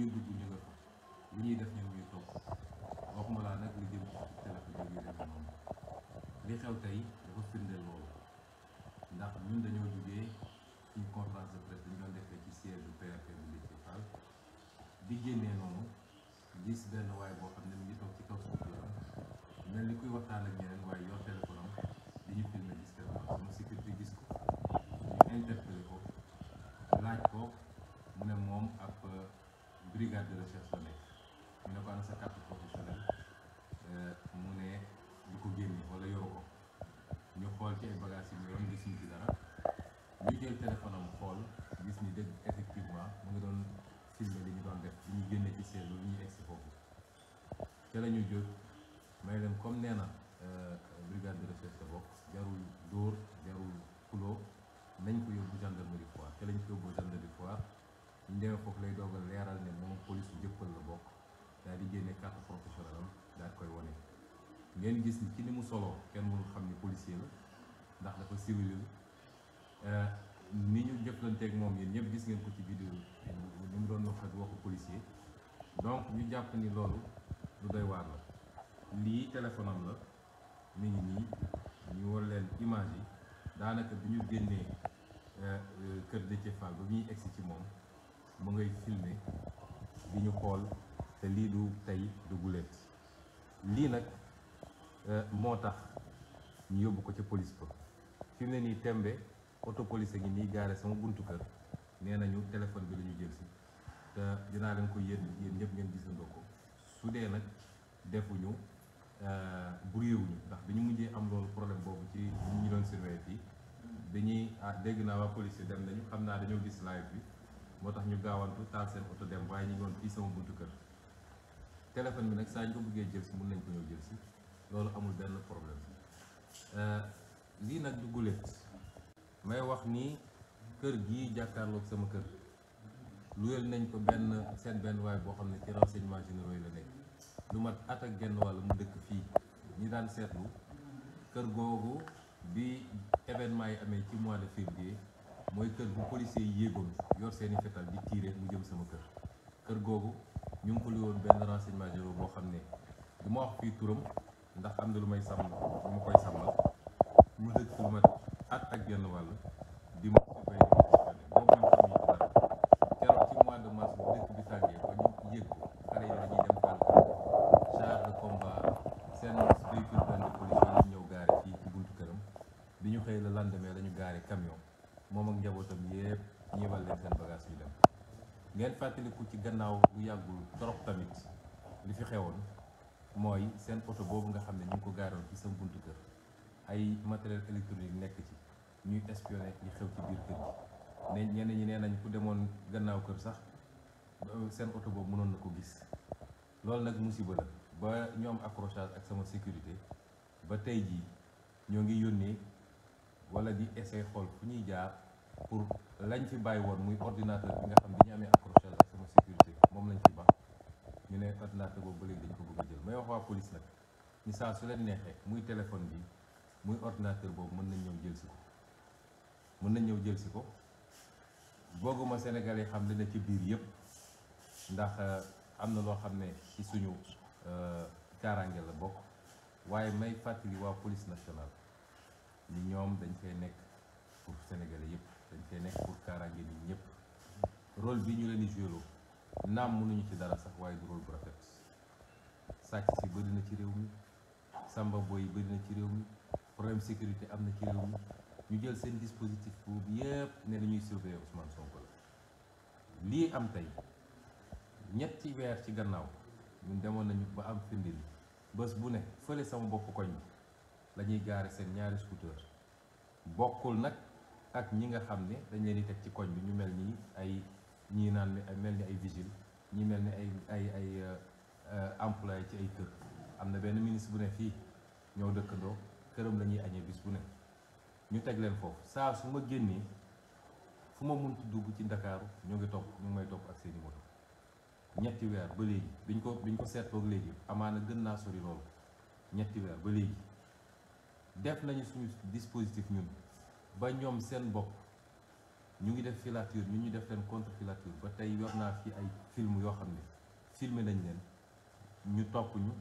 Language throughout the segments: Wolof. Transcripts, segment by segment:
ñuy dugg ñu nga fa lu ñuy def ñoom ñuy toog waxuma laa nag lu jëm ci téléphone bi demee noonu li xew tey dafa firndeel loolu ndax ñun dañoo jugee ci conférence de presse dañu doon defee ci siège du PRP bu Déthié Fall di génnee noonu gis benn waaye boo xam ne mu ngi toog ci kaw suuf la mel ni kuy waxtaan ak ñeneen waaye yor téléphone am di ñu filmé gis téléphone sama sécurité ko ñu interpellé ko laaj ko mu ne moom brigade de recherche la nekk sa carte euh, mu ne lu ko génne wala yoru ko ñu xool ci ay bagages yi mu yoon gisuñ ci dara ñu jël téléphone xool gis ni dëgg effectivement mu ngi doon filmer li ñu doon def li ñu génne ci seetlu li ñuy egsi foofu te la ñu may leen comme nee na euh, brigade de recherche bokk jarul dóor jarul kuloo nañ ko yóbbu gendarmerie foire te lañ ko yóbbu gendarmerie foire Ndeew foofu lay dogal leeral ne moom police jëppal la bokk daal di génne carte professionnelle am daal koy wane ngeen gis ni ci ni mu soloo kenn mënul xam ni policier la ndax dafa civil eh, ni ñu jëflanteeg moom yéen ñëpp gis ngeen ko ci ni mu doon wax ak waxu policier donc ñu jàpp ni loolu lu doy waar la lii téléphone la mi ngi nii ñu war leen image yi daanaka bi ñu génnee eh, kër Déthié Fall ba ñuy egsi ci moom mu ngay filmer di ñu xool te lii du tey du guleet lii nag euh, moo tax ñu yóbbu ko ca police ba fi ne nii tembe auto police ngi nii gaare sama buntu kër nee nañu téléphone bi la ñu jël si te dinaa leen ko yéen yéen ñëpp ngeen gisandoo ko su dee nag defuñu euh, buriwuñu ndax dañu mujjee am loolu problème boobu ci ñu doon surveiller fii dañuy ah dégg naa waa police dem nañu xam naa dañoo gis live bi moo tax ñu gaawantu taal seen oto dem waaye ñu ngi woon fii sama buntu kër téléphone bi nag saa ñu ko bëggee jël mun nañ ko ñëw jël si loolu amul benn problème eh, lii nag du guléet may wax ni kër gii jàkkaarloog sama kër luyel nañ ko benn seet benn waay boo xam ne ci renseignement généraux yi la nekk lu mat at ak genn wàll mu dëkk fii ñi daan seetlu kër googu bi événement yi amee ci mois de février mooy kër bu policier yi yéegoon yor seeni fetal di tiire mu jëm sama kër kër googu ñu ngi ko li woon benn renseignement jëloo boo xam ne du ma wax fii turam ndax am na lu may sàmm lu ma koy sàmmal mu dëkk lu ma at ak genn wàll di ma ko bay boobu ñu bi tàngee ba ñu yëg ko xale yi dañuy dem tànk char de combat seen véhicule benn police yi ñëw gaare ci buntu këram bi ñu xëy la lendemain la gaare camion moom ak njabootam yépp ñiibal leen seen bagage yi dem ngeen fàttaliku ci gannaaw bu yàggul torop tamit li fi xewoon mooy seen oto boobu nga xam ne ñu ko gaaroon ci sa buntu kër ay matériel électronique nekk ci ñuy espionné li xew ci biir kër gi ne ñi nee nañ ku demoon gannaaw kër sax seen oto boobu mënoon na ko gis loolu nag musiba la ba ñoom accrochage ak sama sécurité ba tey jii ñoo ngi yónnee wala di essayer xool fu ñuy jaar pour lañ ci bàyyi woon muy ordinateur bi nga xam bi ñu amee accrochage ak sama sécurité moom lañ ci baax ñu ne ordinateur boobu ba léegi dañ ko bëgg jël may wax waa police nag ni su leen neexee muy téléphone bi muy ordinateur boobu mën nañ ñëw jël si ko mën nañ ñëw jël si ko booguma sénégalais xam li ne ci biir yëpp ndax euh, am na loo xam ne ci suñu euh, kaaraange la bokk waaye may fàttali waa police nationale ni ñoom dañ fay nekk pour Sénégalais yëpp dañ fay nekk pour kaaraange nit ñëpp rôle bi ñu leen di joué naam mënuñu ci dara sax waaye du rôle bu rafet sàcc si bëri na ci réew mi samba yi bëri na ci réew mi problème sécurité am na ci réew mi ñu jël seen dispositif boobu yëpp ne dañuy surveiller Ousmane Sonko la lii am tey ñetti weer ci gannaaw ñun demoon nañu ba am firndeel bés bu ne fële sama bopp koñ dañuy gaare seen ñaari scooter bokkul nag ak ñi nga xam ne dañ leen di teg ci koñ bi ñu mel nii ay ñii naan mel ni ay vigile ñi mel ni ay ay ay euh, employé ci ay kër am na benn ministre bu ne fii ñoo dëkkandoo këram la ñuy añee bis bu ne ñu teg leen foofu saa su ma génnee fu ma munti dugg ci ndakaaru ñoo ngi topp ñu ngi may topp ak seeni moto ñetti weer ba léegi biñ ko biñ ko seetook léegi amaana gën naa sori loolu ñetti weer ba léegi def nañu suñu dispositif ñun ba ñoom seen bopp ñu ngi def filature ñu ñu def leen contre filature ba tey yor naa fi ay film yoo xam ne filmé nañ leen ñu topp ñu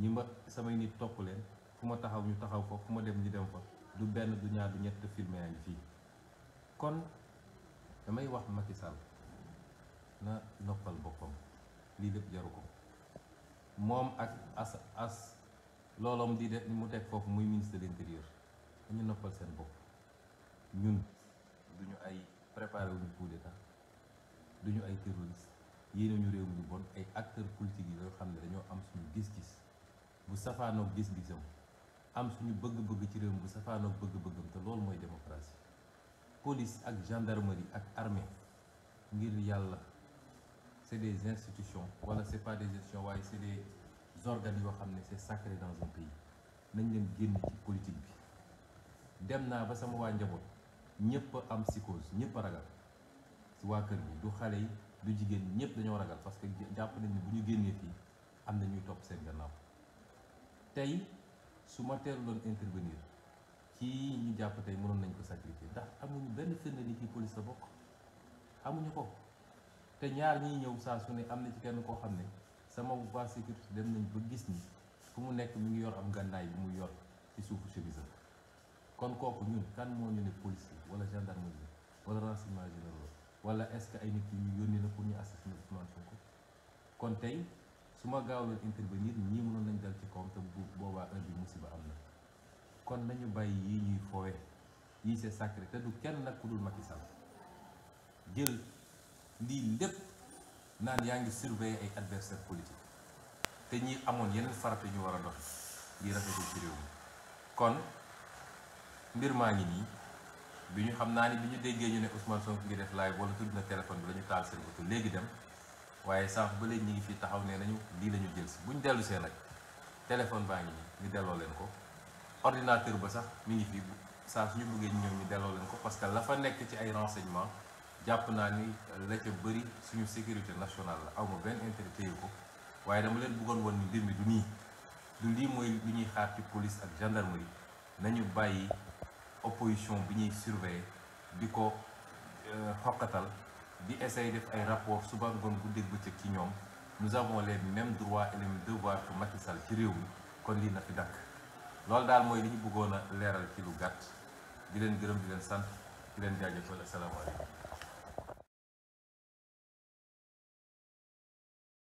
ñi ma samay nit topp leen fu ma taxaw ñu taxaw fa fu ma dem ñu dem fa du benn du ñaar du ñett filmé nañ fii kon damay wax Macky Sall na noppal boppam lii lépp jaru ko moom ak as as looloom di de mu teg foofu muy ministre de l'intérieur dañu noppal seen bopp ñun duñu ay préparé wuñu coup d'état duñu ay terroriste yéene ñu réew mu bon ay acteurs politiques yi yoo xam ne dañoo am suñu gis-gis bu safaanoog gis-gisam am suñu bëgg-bëgg ci réew mi bu safaanoog bëgg-bëggam te loolu mooy démocratie police ak gendarmerie ak armée ngir yàlla c'est des institutions wala c'est pas des institutions waaye c'est des organes yoo xam ne c'est sacré dans un pays nañ leen génn ci politique bi dem naa ba sama waa njaboot ñëpp a am psychose ñëpp a ragal si waa kër gi du xale yi du jigéen ñëpp dañoo ragal parce que jàpp nañ ne bu ñu génnee fii am na ñuy topp seen gannaaw tey su ma teelu doon intervenir ci ñu jàpp tey mënoon nañ ko sacrifier ndax amuñu benn firnde ni ki police sa bokk amuñu ko te ñaar ñiy ñëw saa su ne am na ci kenn koo xam ne sama waa sécurité dem nañ ba gis ni fu mu nekk mu ngi yor am gànnaay bi mu yor ci suufu chemise kon kooku ñun kan moo ñu ne police la wala gendarmerie wala renseignement généraux wala est-ce que ay nit yi ñu yónni na pour ñu assassiner Ousmane Sonko kon tey su ma gaaw leen intervenir ñii mënoon nañ dal ci kawam te boobaa heure bi musiba am na kon nañu bàyyi yii ñuy foowee yii c'est sacré te du kenn nag ku dul Macky Sall jël lii lépp. naan yaa ngi surveiller ay adversaire politique te ñi amoon yeneen farata ñu war a doxi ngir rafetal ci réew kon mbir maa ngi nii bi ñu xam naa ni bi ñu déggee ñu ne Ousmane Sonko ngi def live wala tudd na téléphone bi la ñu taal seen oto léegi dem waaye sax ba léegi ñu ngi fii taxaw nee nañu lii la jël si bu ñu dellu see nag téléphone baa ngi nii ñu delloo leen ko ordinateur ba sax mi ngi fii saa suñu bëggee ñu ñëw ñu delloo leen ko parce que la fa nekk ci ay renseignements jàpp naa ni la ca bëri suñu sécurité nationale la aw ma benn intérêt téye ko waaye dama leen bëggoon woon ni mbir mi du nii du lii mooy li ñuy xaar ci police ak yi nañu bàyyi opposition bi ñuy surveiller di ko euh, xokkatal bi essayer def ay rapport suba ngoon guddeeg bëccëg ci ñoom nous avons les mêmes droits et les mêmes devoirs que Macky Sall ci réew mi kon lii na fi dakk loolu daal mooy li ñu bëggoon a leeral ci lu gàtt di leen gërëm di leen sant di leen jaajëfal asalaamaaleykum